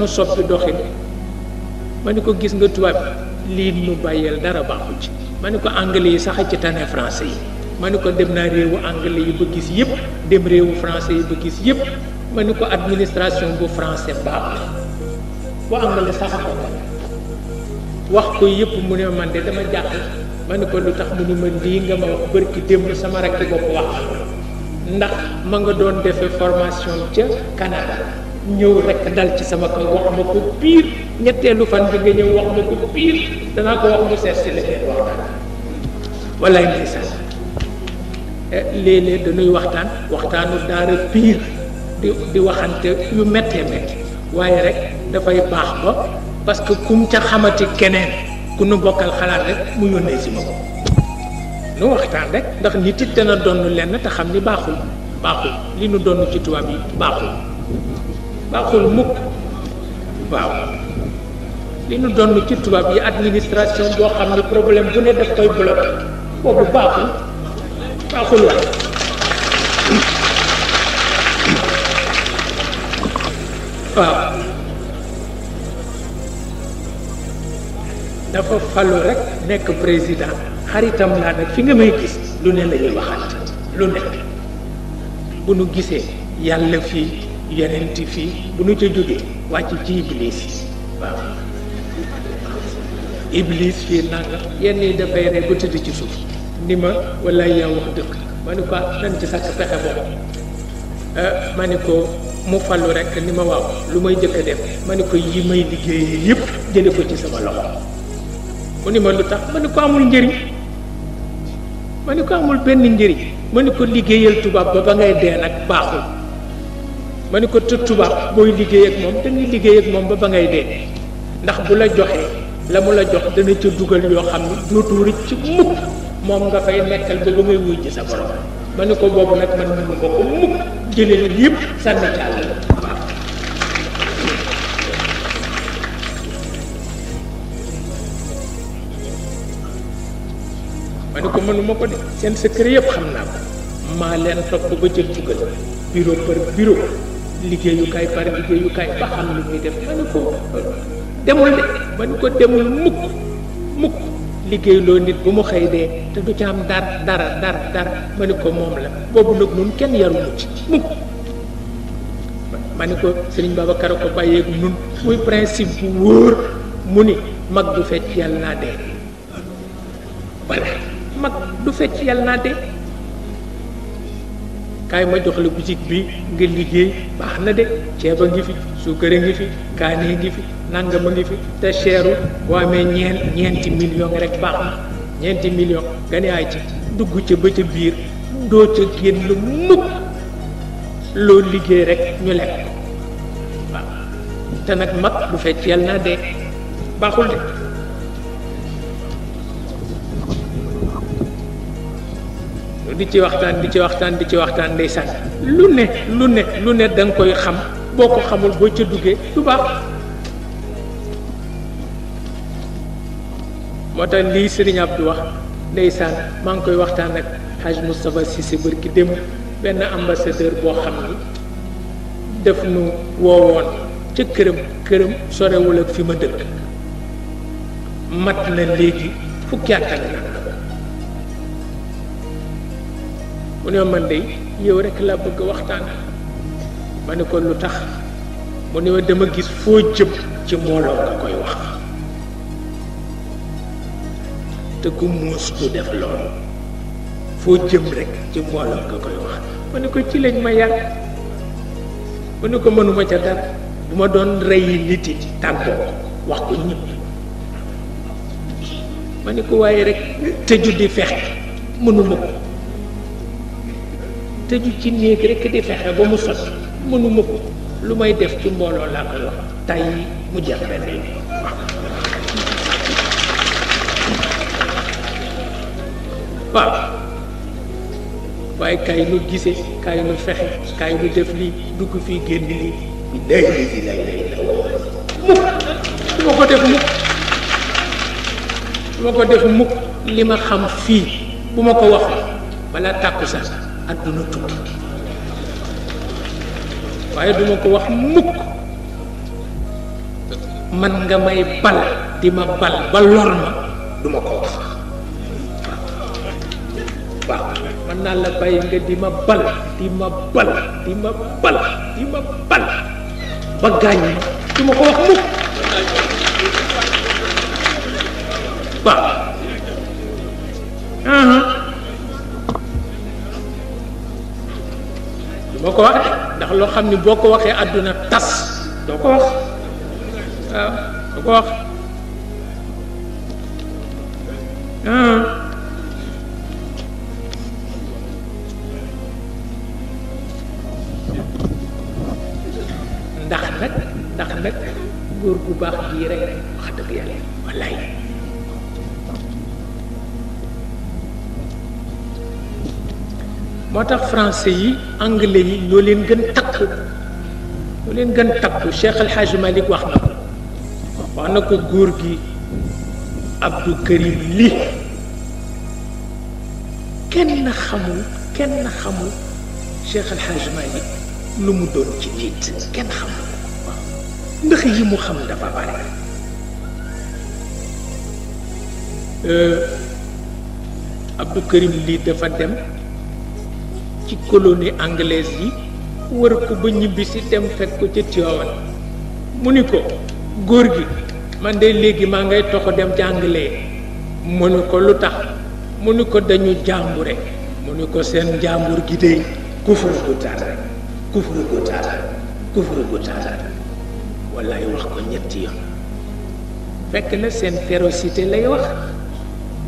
nu soppi doxin ma gis nga tuwab li nu bayel dara baxu ci maniko anglais yi sax ci tane français maniko dem na rewu anglais yi ba gis yépp dem rewu français yi ba gis yépp maniko administration bu français baax wa bu anglais sax ko wax ko yépp mu ne man de dama jax maniko lutax mu ne man di nga ma wax sama rakki wax ndax ma nga doon formation ci Canada ñëw rek dal ci sama kaw wax ma ko pire ñetteelu fan bi nga ñëw wax ma ko pire danaa ko wax mu seet si la ngeen waxtaan walaay ndeysaan eh, léeg-léeg dañuy waxtaan waxtaanu daara pire di di waxante yu méttee métti waaye rek dafay baax ba parce que kum ca xamati keneen ku nu bokkal xalaat rek mu yónnee si ma ko nu waxtaan rek ndax nit it dana donn lenn te xam ni baaxul baaxul li nu donn ci tubaab yi baaxul baaxul mukk waaw li ñu doon ci tubaab yi administration boo xam ne problème bu ne daf koy bloqué boobu baaxul baaxul waay waaw dafa falu rek nekk président xaritam laa nag fi nga may gis lu ne la ñuy waxaat lu ne bu nu gisee yàlla fii yenent fii bu nu ca jógee wàcc ci iblis waaw iblis fii nanga yenn yi dafay rek ba tëdd ci suuf ni ma walla yaa wax dëkk ma ne ko nan ci sàkk pexe boobu eh, ma ne ko mu fallu rek ni ma waaw lu may jëkk ma ne ko yi may yépp jële ci sama loxo mu amul njëriñ ma ne ko amul benn njëriñ ma ne ko liggéeyal tubaab ba ba ngay dee nag baaxul ma ni ko te tubaab booy liggéey ak moom dangay liggéey ak moom ba ba ngay dee ndax bu la joxee la mu la jox dana ca dugal yoo xam ne dootu rëcc mukk moom nga fay nekkal ba ba ngay wuy ci sa borom ma ni ko boobu nag man mënu ko yëpp sànni ci àll ma ko mënuma ko de seen secret yëpp xam naa ko maa leen topp ba jël dugal bureau par bureau liggéeyukaay par liggéeyukaay ba xam lu muy def ma ne ko demul de ba ñu ko demul mukk mukk liggéey loo nit bu mu xëy dee te du ca am dara dara dara dara ma ne ko moom la boobu nag nun kenn yarul ci mukk ma ne ko sëriñ Babacar a ko nun muy principe bu wóor mu ni mag du fecc yàlla naa dee mag du fecc yàlla naa dee kaay ma jox la boutique bi nga liggéey baax na de ceeba ngi fi suukar a ngi fi kaanee ngi fi nangam a ngi fi te seeru boo amee ñeen ñeenti million rek baax na ñeenti million nga ay ci dugg ci ba ca biir doo ca génn mukk loo liggéey rek ñu lekk waaw te nag mat bu fecc yal naa dee baaxul de di ci waxtaan di ci waxtaan di ci waxtaan ndeysaan lu ne lu ne lu ne da koy xam boo ko xamul boo ca duggee du baax moo tax lii sëriñ Abdou wax ndeysaan maa ngi koy waxtaan ak Haj Moustapha si bërki démb benn ambassadeur boo xam ni def nu woowoon ca këram këram sorewul ak fi ma dëkk mat na léegi fukki at ak na mu ne man de yow rek laa bëgg waxtaan ma ne ko lu tax mu ne dama gis foo jëm ci mbooloo nga koy wax te ku muus du def loolu foo jëm rek ci mbooloo nga koy wax ma ne ko ci lañ ma yàgg ma ne ko mënuma ca dara bu ma doon reyi nit yi tàggoo wax ko ñëpp ma ne ko waaye rekk te di fexe mënuma ko tëju ci néeg rek di fexe ba mu sot mënuma ko lu may def ci mbooloo laa koy wax tay yi mu jeex benn waaw waaye kaay nu gise kaay nu fexe kaay nu def li dugg fii génn lii bi mukk du ma ko def mukk du ma ko def mukk li ma xam fii bu ma ko wax balaa tàkku sax aduna tukki waye duma ko wax mukk man nga may bal dima bal ba lor ma duma ko wax ba man na la bàyyi nga dima bal dima bal dima bal dima bal ba gaañ duma ko wax mukk doo ko waxee ndax loo xam ni boo ko waxee àdduna tas doo ko wax waaw doo ko wax ah. motax français yi anglais yi ñoo leen gën takk ñoo leen gën takk Cheikh El Hadj Malick wax na ko wax na ko góor gi Abdou Karim li kenn xamul kenn xamul Cheikh El Hadj Malick lu mu doon ci nit kenn xamul ndax yi mu xam dafa bare Abdou Karim li dafa dem ci colonie anglaise yi wër ba ñibbisi dem fekk ko ci Tiwaawan mu ni ko góor gi man de léegi maa ngay toxo dem ci anglais mu ni ko lu tax mu ni ko dañu jàmbure mu ni ko seen jàmbur gi dey kufur gu tar kufur gu tar kufur gu wax ko ñetti yoon fekk na seen férocité lay wax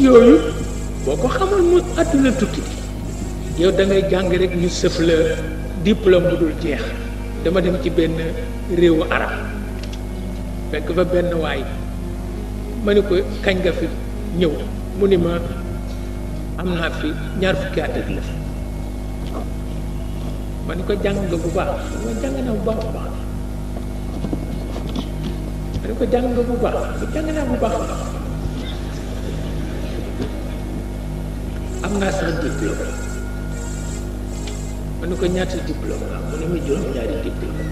yooyu iya, iya. boo ko xamal mu àdduna tukki yow ya, da ngay jàng rek ñu sëf la diplôme bu dul jeex dama dem ci benn réewu arab fekk fa benn waay ma ni ko kañ nga fi ñëw mu ni ma am naa fi ñaar fukki at ak la ma ni ko jàng nga bu baax ma jàng naa bu baax bu baax ma ni ko jàng nga bu baax jàng naa bu baax baax amna nga sama diplôme ma ne ko ñaata diplôme la mu ne mi juróom ñaari diplôme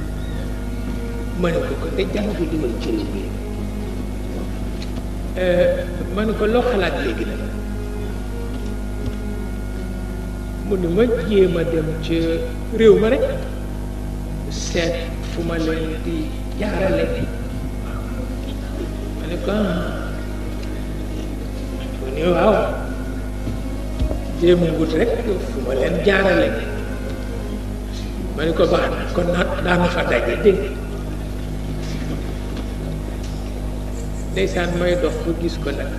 ma ne ko te de jàng bi dugal ci réew mi ma ne ko lo xalaat léegi nag mu ne ma jema dem ci rew ma rek set fu ma leen di jaarale ma ne ko ni waaw jéem wut rek fu ma leen jaarale ma ni ko baax na kon na daanu fa daje dégg ndeysaan may dox ba gis ko nag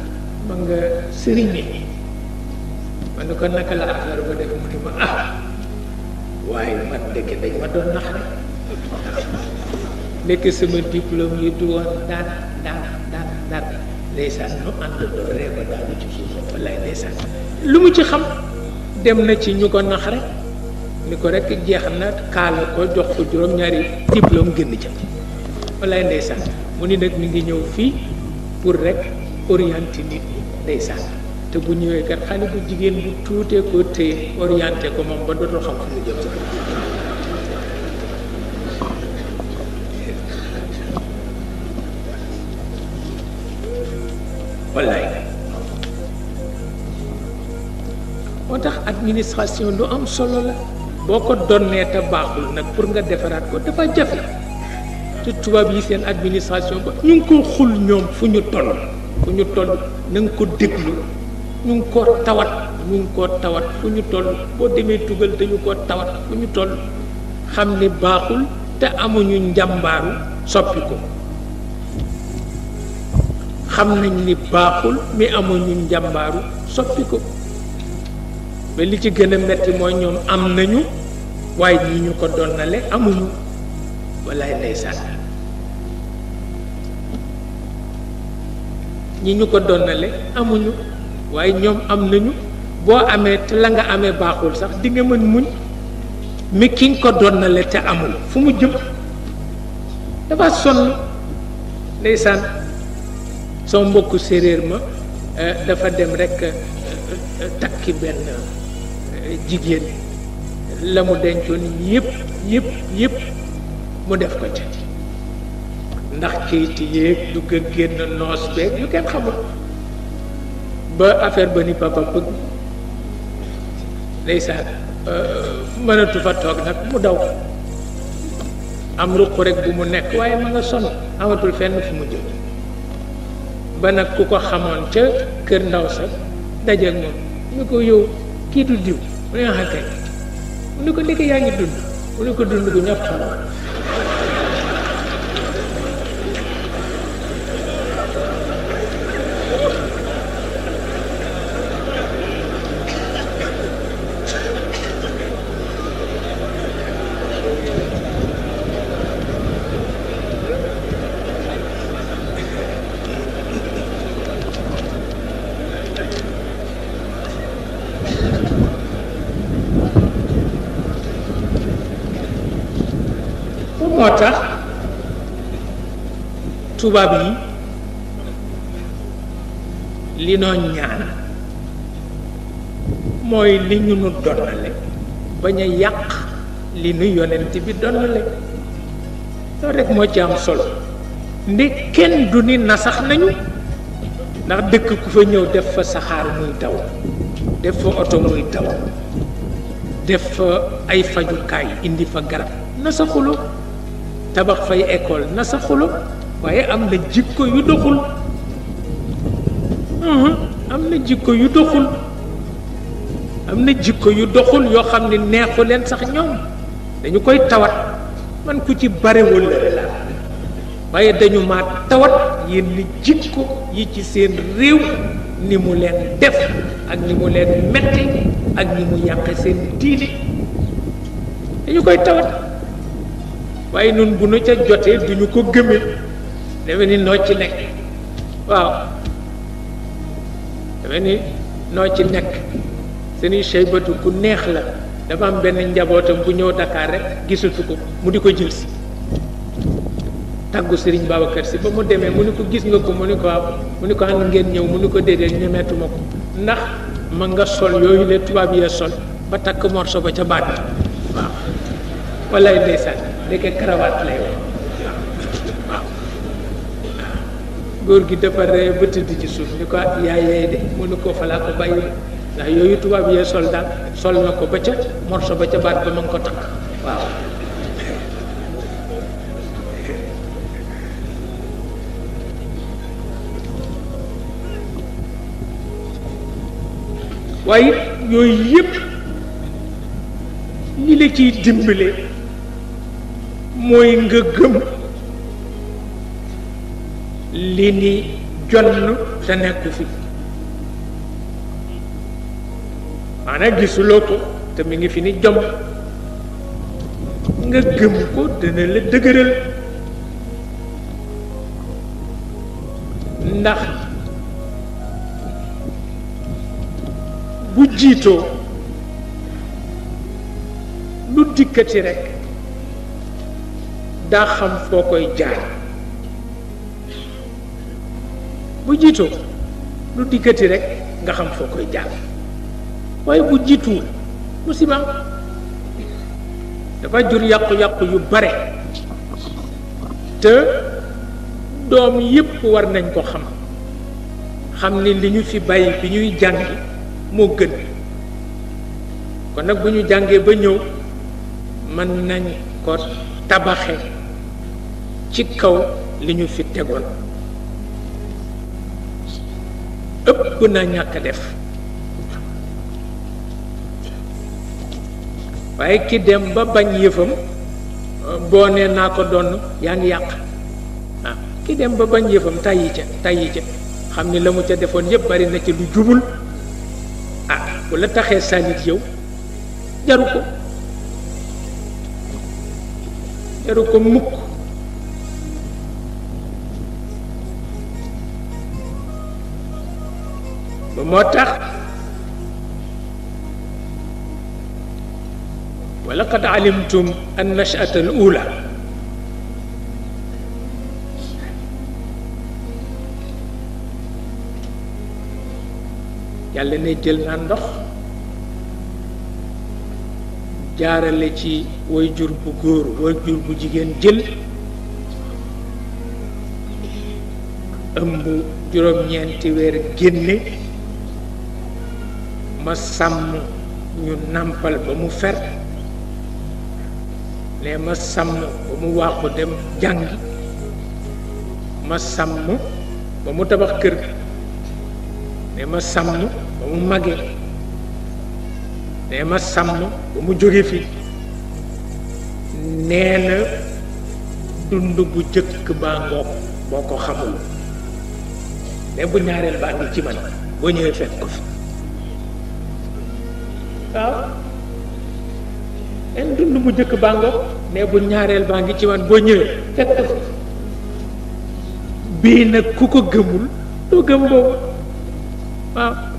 ma nga sëriñe ma ni ko naka la affaire ba def mu ni ma ah waaye man dëkk dañ ma doon nax rek nekk sama diplôme yi du woon dara dara dara dara ndeysaan nu ànd dooree lu mu ci xam dem na ci ñu ko nax rek ni ko rek jeex na kaala ko jox ko juróom-ñaari diplôme génn ca wallaay ndeysaan mu ni nag mi ngi ñëw fii pour rek orienter nit ñi ndeysaan te bu ñëwee kat xale bu jigéen bu tuutee ko téye orienté ko moom ba dootul xam fu mu jëm wallaay moo tax administration lu am solo la boo ko donnee te baaxul nag pour nga defaraat ko dafa jafe te tubaab yi seen administration ba ñu ngi ko xul ñoom fu ñu toll fu ñu toll na nga ko déglu ñu ngi ko tawat ñu ngi ko tawat fu ñu toll boo demee tugal dañu ko tawat fu toll xam ne baaxul te amuñu njàmbaaru soppi ko xam nañ ni baaxul mi amuñu njàmbaaru soppi ko ba li ci gën a metti mooy ñoom am nañu waaye ñi ñu ko donnale amuñu wallaay ndeysaan ko donnale amuñu waaye ñoom am nañu boo amee te la nga amee baaxul sax di nga mën muñ mi ki ko donnale te amul fu mu jëm dafa sonn ndeysaan sama mbokku séeréer ma eh, dafa dem rekk eh, eh, takki benn jigéen la mu dencoon yëpp yëpp yëpp mu def ko ca ndax kayit yéeg dugg a génn noos beeg yu kenn xamul ba affaire ba ni papa pëgg ndeysaan mënatu fa toog nag mu daw am ruq rek bu mu nekk waaye ma nga sonn amatul fenn fu mu jëm ba nag ku ko xamoon ca kër ndaw sa dajeeg moom mu ne ko yow kii du diw mu ne ah kay ko nekk yaa ngi dund mu ne ko dund gu ñàpp xam moo tax tubaab yi li noo ñaan mooy li ñu nu donnale bañ a yàq li nu yonent bi donnale loolu rek moo ci am solo nde kenn du ni nasax nañu ndax dëkk ku fa ñëw def fa saxaar muy taw def fa oto muy taw def fa ay fajukaay indi fa garab nasaxuloo tabax fay école na sa xulu waaye am na jikko yu doxul am na jikko yu doxul am na jikko yu doxul yo xamni neexu len sax ñom dañu koy tawat man ku ci bare wol la laa dañu ma tawat yenn jikko yi ci seen rew ni mu len def ak ni mu len metti ak ni mu yaq seen diine dañu koy tawat waaye nun bu nu ca jotee du ñu ko gëmee defe ni noo ci nekk waaw defe ni noo ci nekk seeni Cheybatu ku neex la dafa am benn njabootam bu ñëw Dakar rek gisatu ko mu di ko jël si tàggu Serigne Babacar si ba mu demee mu ni ko gis nga ko mu ni ko waaw mu ni ko ànd ngeen ñëw mu ni ko déedéet ñemeetuma ko ndax ma nga sol yooyu la tubaab yee sol ba takk morso ba ca baat waaw wallaay ndeysaan ndeke karawaat lay wax góor gi dafa ree ci suuf ni ko yaay yaay de mënu ko falaa ko bàyyi ndax yooyu tubaab yee sol daal sol na ko ba ca morso ba ca baat ba ma ngi ko takk waaw waaye yooyu yëpp li la ciy dimbale mooy nga gëm li ni jonn te nekku fi maanaam gisuloo ko te mi ngi fi ni jom nga gëm ko dana la dëgëral ndax bu jiitoo lu dikkati rekk daa xam foo koy jaar bu jiitoo lu dikkati rek nga xam foo koy jaar waaye bu jiituwul musibaam dafa jur yàqu-yàqu yu bare te doom yépp war nañ ko xam xam ni li ñu fi bàyyi bi ñuy jàngi moo gën kon nag bu ñu jàngee ba ñëw mën nañ ko tabaxe ci kaw li ñu fi tegoon ëpp na ñàkk def waaye ki dem ba bañ yëfam boo naa ko donn yaa ngi yàq waaw ah, ki dem ba bañ yëfam tàyyi ca tàyyi ca xam ni la mu ca defoon yëpp bari na ci lu jubul ah bu la taxee salit yëw jaru ko jaru ko mukk ba moo tax wa laqad alimtum an nachata al ula yàlla ne jël naa ndox jaarale ci way jur bu góor way jur bu jigéen jël ëmb juróom-ñeenti weer génne ma sàmm ñu nàmpal ba mu fer ne ma sàmm ba mu waaxu dem jàngi ma sàmm ba mu tabax kër ne ma sàmm ba mu màggee ne ma sàmm ba mu jóge fi nee na dund bu jëkk baa ngoog boo ko xamul ne bu ñaareel baa ngi ci man boo ñëwee fekk ko fi waaw en dund bu njëkk baa nga mais bu ñaareel baa ngi ci man boo ñëwee fekk ko bii nag ku ko gëmul doo gëm boobu waaw